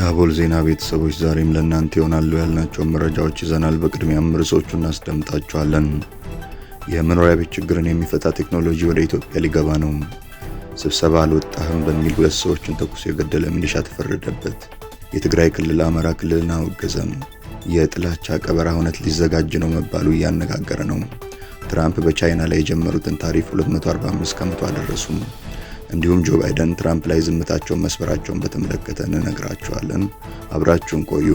የአቦል ዜና ቤተሰቦች ዛሬም ለእናንተ ይሆናሉ ያልናቸውን መረጃዎች ይዘናል። በቅድሚያም ርዕሶቹ እናስደምጣቸዋለን። የመኖሪያ ቤት ችግርን የሚፈታ ቴክኖሎጂ ወደ ኢትዮጵያ ሊገባ ነው። ስብሰባ አልወጣህም በሚል ሁለት ሰዎችን ተኩሶ የገደለ ሚሊሻ ተፈረደበት። የትግራይ ክልል አማራ ክልልን አወገዘም። የጥላቻ ቀበራ እውነት ሊዘጋጅ ነው መባሉ እያነጋገረ ነው። ትራምፕ በቻይና ላይ የጀመሩትን ታሪፍ 245 ከመቶ አደረሱም። እንዲሁም ጆ ባይደን ትራምፕ ላይ ዝምታቸውን መስበራቸውን በተመለከተ እንነግራችኋለን። አብራችሁን ቆዩ።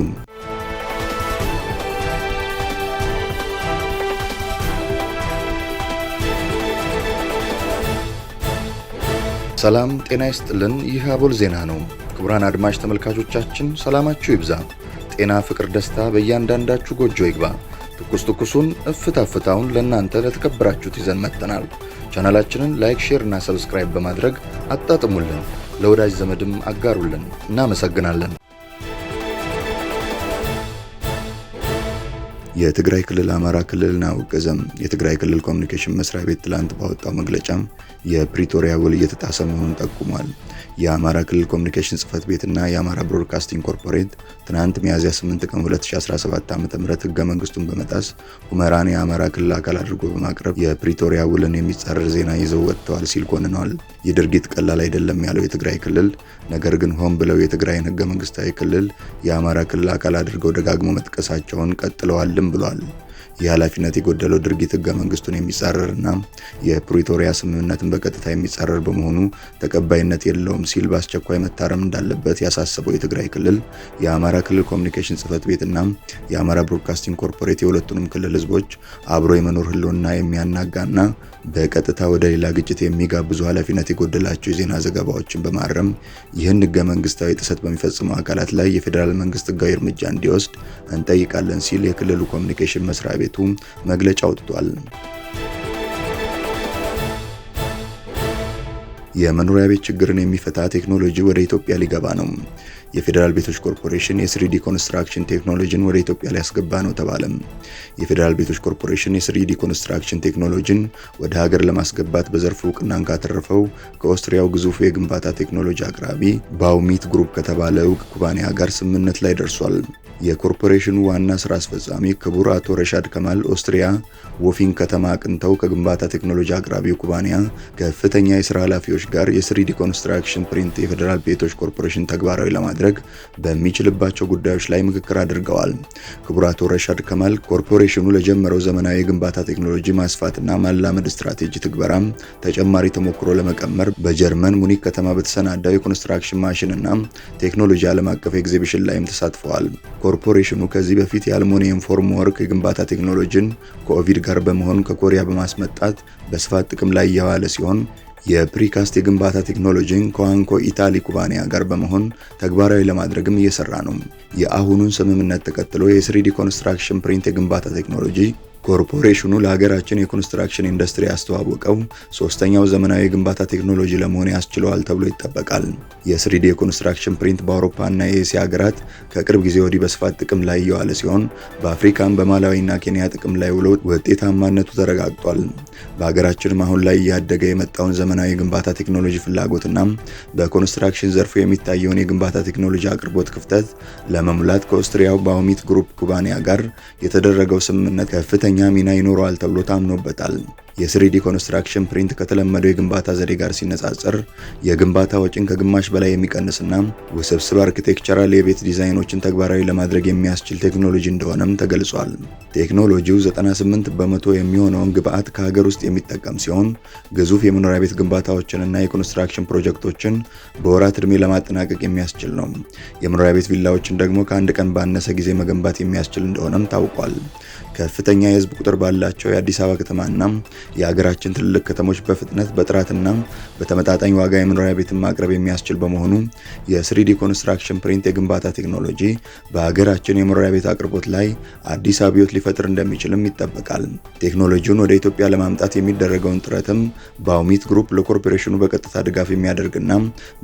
ሰላም ጤና ይስጥልን። ይህ አቦል ዜና ነው። ክቡራን አድማጭ ተመልካቾቻችን ሰላማችሁ ይብዛ፣ ጤና፣ ፍቅር፣ ደስታ በእያንዳንዳችሁ ጎጆ ይግባ። ትኩስ ትኩሱን እፍታ ፍታውን ለእናንተ ለተከበራችሁት ይዘን መጥተናል። ቻናላችንን ላይክ፣ ሼር እና ሰብስክራይብ በማድረግ አጣጥሙልን፣ ለወዳጅ ዘመድም አጋሩልን። እናመሰግናለን። የትግራይ ክልል አማራ ክልልን አወገዘም። የትግራይ ክልል ኮሚኒኬሽን መስሪያ ቤት ትላንት ባወጣው መግለጫም የፕሪቶሪያ ውል እየተጣሰ መሆኑን ጠቁሟል። የአማራ ክልል ኮሚኒኬሽን ጽህፈት ቤትና የአማራ ብሮድካስቲንግ ኮርፖሬት ትናንት ሚያዝያ 8 ቀን 2017 ዓ.ም ህገ መንግስቱን በመጣስ ሁመራን የአማራ ክልል አካል አድርጎ በማቅረብ የፕሪቶሪያ ውልን የሚጻረር ዜና ይዘው ወጥተዋል ሲል ኮንነዋል። ይህ ድርጊት ቀላል አይደለም ያለው የትግራይ ክልል ነገር ግን ሆን ብለው የትግራይን ህገ መንግስታዊ ክልል የአማራ ክልል አካል አድርገው ደጋግሞ መጥቀሳቸውን ቀጥለዋልም ብሏል። የኃላፊነት የጎደለው ድርጊት ህገ መንግስቱን የሚጻረርና የፕሪቶሪያ ስምምነትን በቀጥታ የሚጻረር በመሆኑ ተቀባይነት የለውም ሲል በአስቸኳይ መታረም እንዳለበት ያሳሰበው የትግራይ ክልል የአማራ ክልል ኮሚኒኬሽን ጽህፈት ቤትና የአማራ ብሮድካስቲንግ ኮርፖሬት የሁለቱንም ክልል ህዝቦች አብሮ የመኖር ህልውና የሚያናጋና በቀጥታ ወደ ሌላ ግጭት የሚጋብዙ ኃላፊነት የጎደላቸው የዜና ዘገባዎችን በማረም ይህን ህገ መንግስታዊ ጥሰት በሚፈጽሙ አካላት ላይ የፌዴራል መንግስት ህጋዊ እርምጃ እንዲወስድ እንጠይቃለን ሲል የክልሉ ኮሚኒኬሽን መስሪያ ቤት ቤቱ መግለጫ አውጥቷል። የመኖሪያ ቤት ችግርን የሚፈታ ቴክኖሎጂ ወደ ኢትዮጵያ ሊገባ ነው። የፌዴራል ቤቶች ኮርፖሬሽን የስሪዲ ኮንስትራክሽን ቴክኖሎጂን ወደ ኢትዮጵያ ሊያስገባ ነው ተባለም። የፌዴራል ቤቶች ኮርፖሬሽን የስሪዲ ኮንስትራክሽን ቴክኖሎጂን ወደ ሀገር ለማስገባት በዘርፉ እውቅናን ካተረፈው ከኦስትሪያው ግዙፍ የግንባታ ቴክኖሎጂ አቅራቢ ባውሚት ግሩፕ ከተባለ እውቅ ኩባንያ ጋር ስምምነት ላይ ደርሷል። የኮርፖሬሽኑ ዋና ስራ አስፈጻሚ ክቡር አቶ ረሻድ ከማል ኦስትሪያ ወፊን ከተማ አቅንተው ከግንባታ ቴክኖሎጂ አቅራቢው ኩባንያ ከፍተኛ የስራ ኃላፊዎች ቤቶች ጋር የስሪዲ ኮንስትራክሽን ፕሪንት የፌዴራል ቤቶች ኮርፖሬሽን ተግባራዊ ለማድረግ በሚችልባቸው ጉዳዮች ላይ ምክክር አድርገዋል። ክቡር አቶ ረሻድ ከማል ኮርፖሬሽኑ ለጀመረው ዘመናዊ የግንባታ ቴክኖሎጂ ማስፋትና ማላመድ ስትራቴጂ ትግበራም ተጨማሪ ተሞክሮ ለመቀመር በጀርመን ሙኒክ ከተማ በተሰናዳው የኮንስትራክሽን ማሽንና ቴክኖሎጂ ዓለም አቀፍ ኤግዚቢሽን ላይም ተሳትፈዋል። ኮርፖሬሽኑ ከዚህ በፊት የአልሙኒየም ፎርም ወርክ የግንባታ ቴክኖሎጂን ከኦቪድ ጋር በመሆን ከኮሪያ በማስመጣት በስፋት ጥቅም ላይ እየዋለ ሲሆን የፕሪካስት የግንባታ ቴክኖሎጂን ከዋንኮ ኢታሊ ኩባንያ ጋር በመሆን ተግባራዊ ለማድረግም እየሰራ ነው። የአሁኑን ስምምነት ተከትሎ የስሪዲ ኮንስትራክሽን ፕሪንት የግንባታ ቴክኖሎጂ ኮርፖሬሽኑ ለሀገራችን የኮንስትራክሽን ኢንዱስትሪ ያስተዋወቀው ሶስተኛው ዘመናዊ የግንባታ ቴክኖሎጂ ለመሆን ያስችለዋል ተብሎ ይጠበቃል። የስሪዲ የኮንስትራክሽን ፕሪንት እና የኤስያ ሀገራት ከቅርብ ጊዜ ወዲህ በስፋት ጥቅም ላይ እየዋለ ሲሆን በአፍሪካም በማላዊና ኬንያ ጥቅም ላይ ውሎ ውጤታማነቱ ተረጋግጧል። በሀገራችንም አሁን ላይ እያደገ የመጣውን ዘመናዊ የግንባታ ቴክኖሎጂ ፍላጎትና በኮንስትራክሽን ዘርፉ የሚታየውን የግንባታ ቴክኖሎጂ አቅርቦት ክፍተት ለመሙላት ከኦስትሪያው ባውሚት ግሩፕ ኩባንያ ጋር የተደረገው ስምምነት ከፍተኛ ከፍተኛ ሚና ይኖረዋል ተብሎ ታምኖበታል። የስሪዲ ኮንስትራክሽን ፕሪንት ከተለመደው የግንባታ ዘዴ ጋር ሲነጻጸር የግንባታ ወጪን ከግማሽ በላይ የሚቀንስና ውስብስብ አርኪቴክቸራል የቤት ዲዛይኖችን ተግባራዊ ለማድረግ የሚያስችል ቴክኖሎጂ እንደሆነም ተገልጿል። ቴክኖሎጂው 98 በመቶ የሚሆነውን ግብዓት ከሀገር ውስጥ የሚጠቀም ሲሆን ግዙፍ የመኖሪያ ቤት ግንባታዎችንና የኮንስትራክሽን ፕሮጀክቶችን በወራት ዕድሜ ለማጠናቀቅ የሚያስችል ነው። የመኖሪያ ቤት ቪላዎችን ደግሞ ከአንድ ቀን ባነሰ ጊዜ መገንባት የሚያስችል እንደሆነም ታውቋል። ከፍተኛ የህዝብ ቁጥር ባላቸው የአዲስ አበባ ከተማና የሀገራችን ትልልቅ ከተሞች በፍጥነት በጥራትና በተመጣጣኝ ዋጋ የመኖሪያ ቤትን ማቅረብ የሚያስችል በመሆኑ የስሪዲ ኮንስትራክሽን ፕሪንት የግንባታ ቴክኖሎጂ በሀገራችን የመኖሪያ ቤት አቅርቦት ላይ አዲስ አብዮት ሊፈጥር እንደሚችልም ይጠበቃል። ቴክኖሎጂውን ወደ ኢትዮጵያ ለማምጣት የሚደረገውን ጥረትም ባውሚት ግሩፕ ለኮርፖሬሽኑ በቀጥታ ድጋፍ የሚያደርግና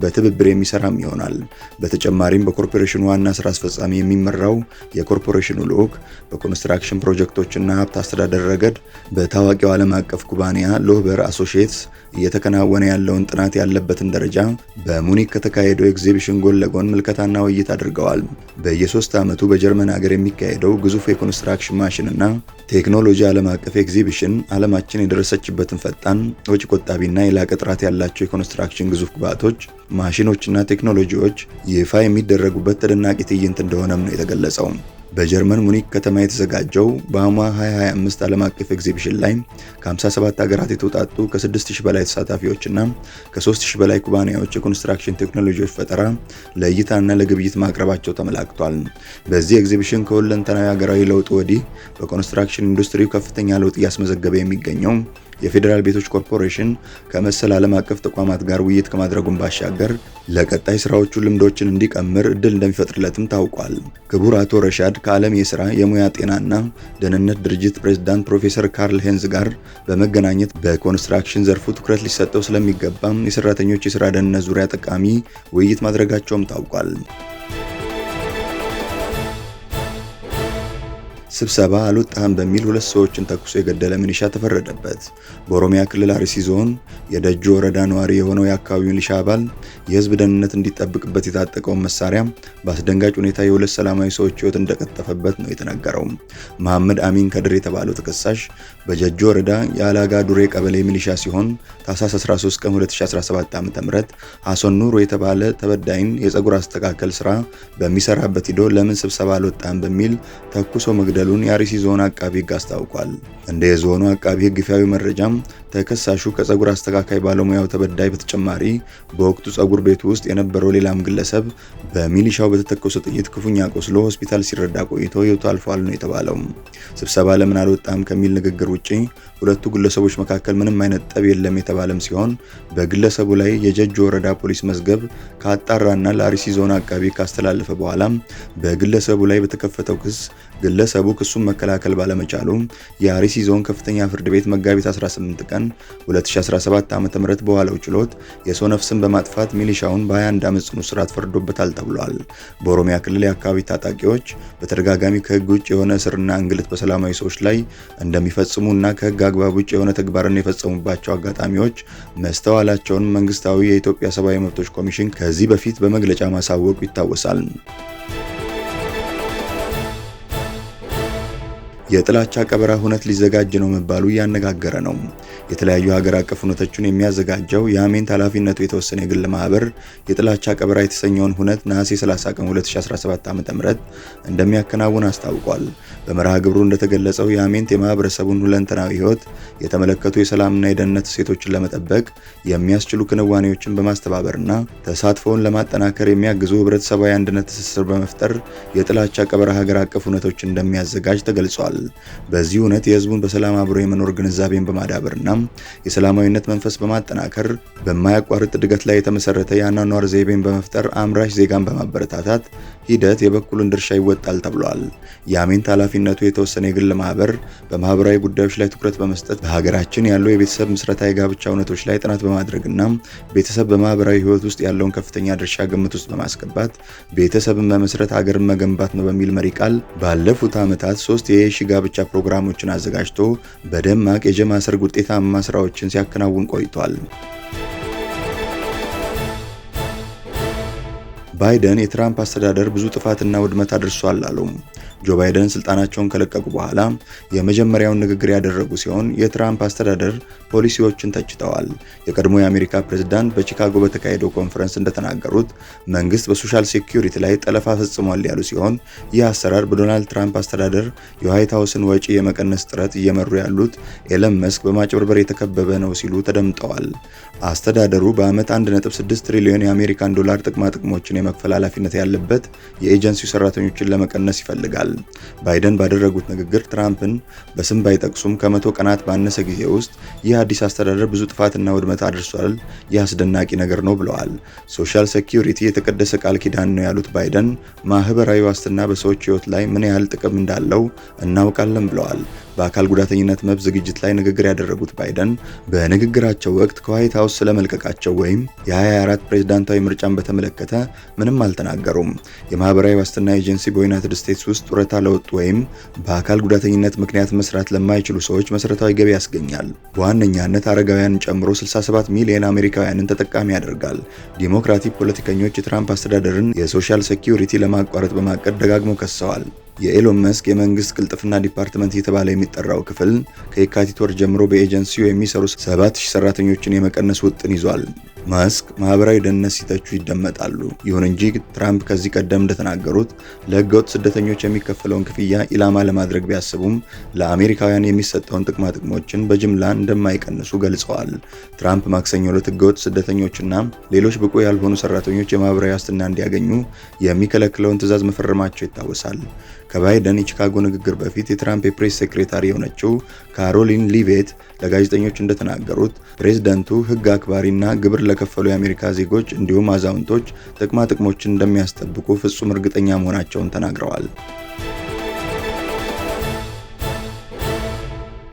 በትብብር የሚሰራም ይሆናል። በተጨማሪም በኮርፖሬሽኑ ዋና ስራ አስፈጻሚ የሚመራው የኮርፖሬሽኑ ልዑክ በኮንስትራክሽን ፕሮጀክት ፕሮጀክቶችና ሀብት አስተዳደር ረገድ በታዋቂው ዓለም አቀፍ ኩባንያ ሎህበር አሶሺየትስ እየተከናወነ ያለውን ጥናት ያለበትን ደረጃ በሙኒክ ከተካሄደው ኤግዚቢሽን ጎን ለጎን ምልከታና ውይይት አድርገዋል። በየሶስት ዓመቱ በጀርመን ሀገር የሚካሄደው ግዙፍ የኮንስትራክሽን ማሽንና ቴክኖሎጂ ዓለም አቀፍ ኤግዚቢሽን ዓለማችን የደረሰችበትን ፈጣን ወጪ ቆጣቢና የላቀ ጥራት ያላቸው የኮንስትራክሽን ግዙፍ ግብዓቶች፣ ማሽኖችና ቴክኖሎጂዎች ይፋ የሚደረጉበት ተደናቂ ትዕይንት እንደሆነም ነው የተገለጸው። በጀርመን ሙኒክ ከተማ የተዘጋጀው በአማ 2025 ዓለም አቀፍ ኤግዚቢሽን ላይ ከ57 ሀገራት የተውጣጡ ከ6000 በላይ ተሳታፊዎችና ከ3000 በላይ ኩባንያዎች የኮንስትራክሽን ቴክኖሎጂዎች ፈጠራ ለእይታና ለግብይት ማቅረባቸው ተመላክቷል። በዚህ ኤግዚቢሽን ከሁለንተናዊ ሀገራዊ ለውጥ ወዲህ በኮንስትራክሽን ኢንዱስትሪው ከፍተኛ ለውጥ እያስመዘገበ የሚገኘው የፌዴራል ቤቶች ኮርፖሬሽን ከመሰል ዓለም አቀፍ ተቋማት ጋር ውይይት ከማድረጉን ባሻገር ለቀጣይ ስራዎቹ ልምዶችን እንዲቀምር እድል እንደሚፈጥርለትም ታውቋል። ክቡር አቶ ረሻድ ከዓለም የስራ የሙያ ጤናና ደህንነት ድርጅት ፕሬዝዳንት ፕሮፌሰር ካርል ሄንዝ ጋር በመገናኘት በኮንስትራክሽን ዘርፉ ትኩረት ሊሰጠው ስለሚገባም የሰራተኞች የስራ ደህንነት ዙሪያ ጠቃሚ ውይይት ማድረጋቸውም ታውቋል። ስብሰባ አልወጣህም በሚል ሁለት ሰዎችን ተኩሶ የገደለ ሚሊሻ ተፈረደበት። በኦሮሚያ ክልል አርሲ ዞን የደጆ ወረዳ ነዋሪ የሆነው የአካባቢው ሚሊሻ አባል የህዝብ ደህንነት እንዲጠብቅበት የታጠቀውን መሳሪያ በአስደንጋጭ ሁኔታ የሁለት ሰላማዊ ሰዎች ህይወት እንደቀጠፈበት ነው የተነገረው። መሐመድ አሚን ከድር የተባለው ተከሳሽ በጀጆ ወረዳ የአላጋ ዱሬ ቀበሌ ሚሊሻ ሲሆን ታህሳስ 13 ቀን 2017 ዓ.ም ሀሰን ኑሮ የተባለ ተበዳይን የፀጉር አስተካከል ስራ በሚሰራበት ሂዶ ለምን ስብሰባ አልወጣም በሚል ተኩሶ መግደል መገደሉን የአርሲ ዞን አቃቢ ህግ አስታውቋል። እንደ የዞኑ አቃቢ ህግ ይፋዊ መረጃም ተከሳሹ ከፀጉር አስተካካይ ባለሙያው ተበዳይ በተጨማሪ በወቅቱ ፀጉር ቤቱ ውስጥ የነበረው ሌላም ግለሰብ በሚሊሻው በተተኮሰ ጥይት ክፉኛ ቆስሎ ሆስፒታል ሲረዳ ቆይቶ ህይወቱ አልፏል ነው የተባለው። ስብሰባ ለምን አልወጣም ከሚል ንግግር ውጪ ሁለቱ ግለሰቦች መካከል ምንም አይነት ጠብ የለም የተባለም ሲሆን በግለሰቡ ላይ የጀጅ ወረዳ ፖሊስ መዝገብ ካጣራና ለአርሲ ዞን አቃቢ ካስተላለፈ በኋላም በግለሰቡ ላይ በተከፈተው ክስ ግለሰቡ ክሱን መከላከል ባለመቻሉ የአርሲ ዞን ከፍተኛ ፍርድ ቤት መጋቢት 18 ቀን 2017 ም በዋለው ችሎት የሰው ነፍስን በማጥፋት ሚሊሻውን በ21 ዓመት ጽኑ እስራት ፈርዶበታል ተብሏል። በኦሮሚያ ክልል የአካባቢ ታጣቂዎች በተደጋጋሚ ከህግ ውጭ የሆነ እስርና እንግልት በሰላማዊ ሰዎች ላይ እንደሚፈጽሙ እና ከህግ አግባብ ውጭ የሆነ ተግባርን የፈጸሙባቸው አጋጣሚዎች መስተዋላቸውን መንግስታዊ የኢትዮጵያ ሰብአዊ መብቶች ኮሚሽን ከዚህ በፊት በመግለጫ ማሳወቁ ይታወሳል። የጥላቻ ቀበራ ሁነት ሊዘጋጅ ነው መባሉ እያነጋገረ ነው። የተለያዩ ሀገር አቀፍ ሁነቶችን የሚያዘጋጀው የአሜንት ኃላፊነቱ የተወሰነ የግል ማህበር የጥላቻ ቀበራ የተሰኘውን ሁነት ነሐሴ 30 ቀን 2017 ም እንደሚያከናውን አስታውቋል። በመርሃ ግብሩ እንደተገለጸው የአሜንት የማህበረሰቡን ሁለንተናዊ ህይወት የተመለከቱ የሰላምና የደህንነት እሴቶችን ለመጠበቅ የሚያስችሉ ክንዋኔዎችን በማስተባበርና ተሳትፎውን ለማጠናከር የሚያግዙ ህብረተሰባዊ አንድነት ትስስር በመፍጠር የጥላቻ ቀበረ ሀገር አቀፍ እውነቶች እንደሚያዘጋጅ ተገልጿል። በዚህ እውነት የህዝቡን በሰላም አብሮ የመኖር ግንዛቤን በማዳበርና የሰላማዊነት መንፈስ በማጠናከር በማያቋርጥ እድገት ላይ የተመሰረተ የአኗኗር ዘይቤን በመፍጠር አምራች ዜጋን በማበረታታት ሂደት የበኩሉን ድርሻ ይወጣል ተብሏል። የአሜንት ኃላፊ ኃላፊነቱ የተወሰነ የግል ማህበር በማህበራዊ ጉዳዮች ላይ ትኩረት በመስጠት በሀገራችን ያሉ የቤተሰብ ምስረታ፣ የጋብቻ እውነቶች ላይ ጥናት በማድረግና ቤተሰብ በማህበራዊ ህይወት ውስጥ ያለውን ከፍተኛ ድርሻ ግምት ውስጥ በማስገባት ቤተሰብን በመስረት ሀገርን መገንባት ነው በሚል መሪ ቃል ባለፉት ዓመታት ሶስት የሺ ጋብቻ ፕሮግራሞችን አዘጋጅቶ በደማቅ የጀማ ሰርግ ውጤታማ ስራዎችን ሲያከናውን ቆይቷል። ባይደን የትራምፕ አስተዳደር ብዙ ጥፋትና ውድመት አድርሷል አሉም። ጆ ባይደን ስልጣናቸውን ከለቀቁ በኋላ የመጀመሪያውን ንግግር ያደረጉ ሲሆን የትራምፕ አስተዳደር ፖሊሲዎችን ተችተዋል። የቀድሞ የአሜሪካ ፕሬዝዳንት በቺካጎ በተካሄደው ኮንፈረንስ እንደተናገሩት መንግስት በሶሻል ሴኩሪቲ ላይ ጠለፋ ፈጽሟል ያሉ ሲሆን ይህ አሰራር በዶናልድ ትራምፕ አስተዳደር የዋይት ሀውስን ወጪ የመቀነስ ጥረት እየመሩ ያሉት ኤለን መስክ በማጭበርበር የተከበበ ነው ሲሉ ተደምጠዋል። አስተዳደሩ በአመት 1.6 ትሪሊዮን የአሜሪካን ዶላር ጥቅማ ጥቅሞችን የመክፈል ኃላፊነት ያለበት የኤጀንሲው ሰራተኞችን ለመቀነስ ይፈልጋል። ተናግረዋል። ባይደን ባደረጉት ንግግር ትራምፕን በስም ባይጠቅሱም ከመቶ ቀናት ባነሰ ጊዜ ውስጥ ይህ አዲስ አስተዳደር ብዙ ጥፋትና ውድመት አድርሷል፣ ይህ አስደናቂ ነገር ነው ብለዋል። ሶሻል ሴኪሪቲ የተቀደሰ ቃል ኪዳን ነው ያሉት ባይደን ማህበራዊ ዋስትና በሰዎች ህይወት ላይ ምን ያህል ጥቅም እንዳለው እናውቃለን ብለዋል። በአካል ጉዳተኝነት መብት ዝግጅት ላይ ንግግር ያደረጉት ባይደን በንግግራቸው ወቅት ከዋይት ሀውስ ስለመልቀቃቸው ወይም የ 24 ፕሬዝዳንታዊ ምርጫን በተመለከተ ምንም አልተናገሩም። የማህበራዊ ዋስትና ኤጀንሲ በዩናይትድ ስቴትስ ውስጥ ጡረታ ለወጡ ወይም በአካል ጉዳተኝነት ምክንያት መስራት ለማይችሉ ሰዎች መሰረታዊ ገቢ ያስገኛል። በዋነኛነት አረጋውያንን ጨምሮ 67 ሚሊዮን አሜሪካውያንን ተጠቃሚ ያደርጋል። ዲሞክራቲክ ፖለቲከኞች የትራምፕ አስተዳደርን የሶሻል ሴኪሪቲ ለማቋረጥ በማቀድ ደጋግመው ከሰዋል። የኤሎን መስክ የመንግስት ቅልጥፍና ዲፓርትመንት እየተባለ የሚጠራው ክፍል ከየካቲት ወር ጀምሮ በኤጀንሲው የሚሰሩ 7000 ሰራተኞችን የመቀነስ ውጥን ይዟል። መስክ ማህበራዊ ደህንነት ሲተቹ ይደመጣሉ። ይሁን እንጂ ትራምፕ ከዚህ ቀደም እንደተናገሩት ለህገወጥ ስደተኞች የሚከፈለውን ክፍያ ኢላማ ለማድረግ ቢያስቡም ለአሜሪካውያን የሚሰጠውን ጥቅማ ጥቅሞችን በጅምላ እንደማይቀንሱ ገልጸዋል። ትራምፕ ማክሰኞ ዕለት ህገወጥ ስደተኞችና ሌሎች ብቁ ያልሆኑ ሰራተኞች የማህበራዊ ዋስትና እንዲያገኙ የሚከለክለውን ትዕዛዝ መፈረማቸው ይታወሳል። ከባይደን የቺካጎ ንግግር በፊት የትራምፕ የፕሬስ ሴክሬታሪ የሆነችው ካሮሊን ሊቬት ለጋዜጠኞች እንደተናገሩት ፕሬዝደንቱ ህግ አክባሪና ግብር ለከፈሉ የአሜሪካ ዜጎች እንዲሁም አዛውንቶች ጥቅማ ጥቅሞችን እንደሚያስጠብቁ ፍጹም እርግጠኛ መሆናቸውን ተናግረዋል።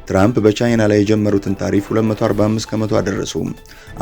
ትራምፕ በቻይና ላይ የጀመሩትን ታሪፍ 245 ከመቶ አደረሱ።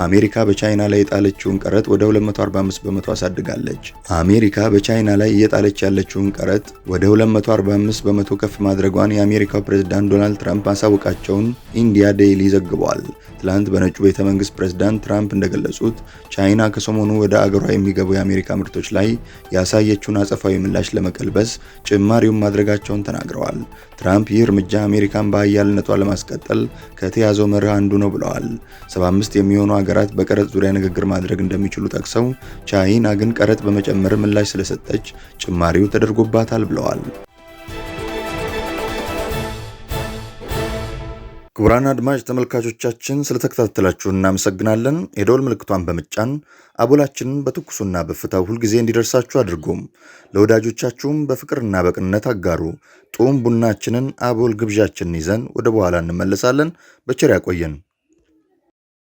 አሜሪካ በቻይና ላይ የጣለችውን ቀረጥ ወደ 245 በመቶ አሳድጋለች። አሜሪካ በቻይና ላይ እየጣለች ያለችውን ቀረጥ ወደ 245 በመቶ ከፍ ማድረጓን የአሜሪካው ፕሬዝዳንት ዶናልድ ትራምፕ ማሳወቃቸውን ኢንዲያ ዴይሊ ዘግቧል። ትላንት በነጩ ቤተ መንግስት ፕሬዝዳንት ትራምፕ እንደገለጹት ቻይና ከሰሞኑ ወደ አገሯ የሚገቡ የአሜሪካ ምርቶች ላይ ያሳየችውን አጸፋዊ ምላሽ ለመቀልበስ ጭማሪውን ማድረጋቸውን ተናግረዋል። ትራምፕ ይህ እርምጃ አሜሪካን በአያልነቷ ለማስቀጠል ከተያዘው መርህ አንዱ ነው ብለዋል። 75 የሚሆኑ ሀገራት በቀረጥ ዙሪያ ንግግር ማድረግ እንደሚችሉ ጠቅሰው ቻይና ግን ቀረጥ በመጨመር ምላሽ ስለሰጠች ጭማሪው ተደርጎባታል ብለዋል። ክቡራን አድማጭ ተመልካቾቻችን ስለተከታተላችሁ እናመሰግናለን። የደወል ምልክቷን በመጫን አቦላችንን በትኩሱና በእፍታው ሁልጊዜ እንዲደርሳችሁ አድርጎም ለወዳጆቻችሁም በፍቅርና በቅንነት አጋሩ። ጡም ቡናችንን አቦል ግብዣችንን ይዘን ወደ በኋላ እንመለሳለን። በቸር ያቆየን።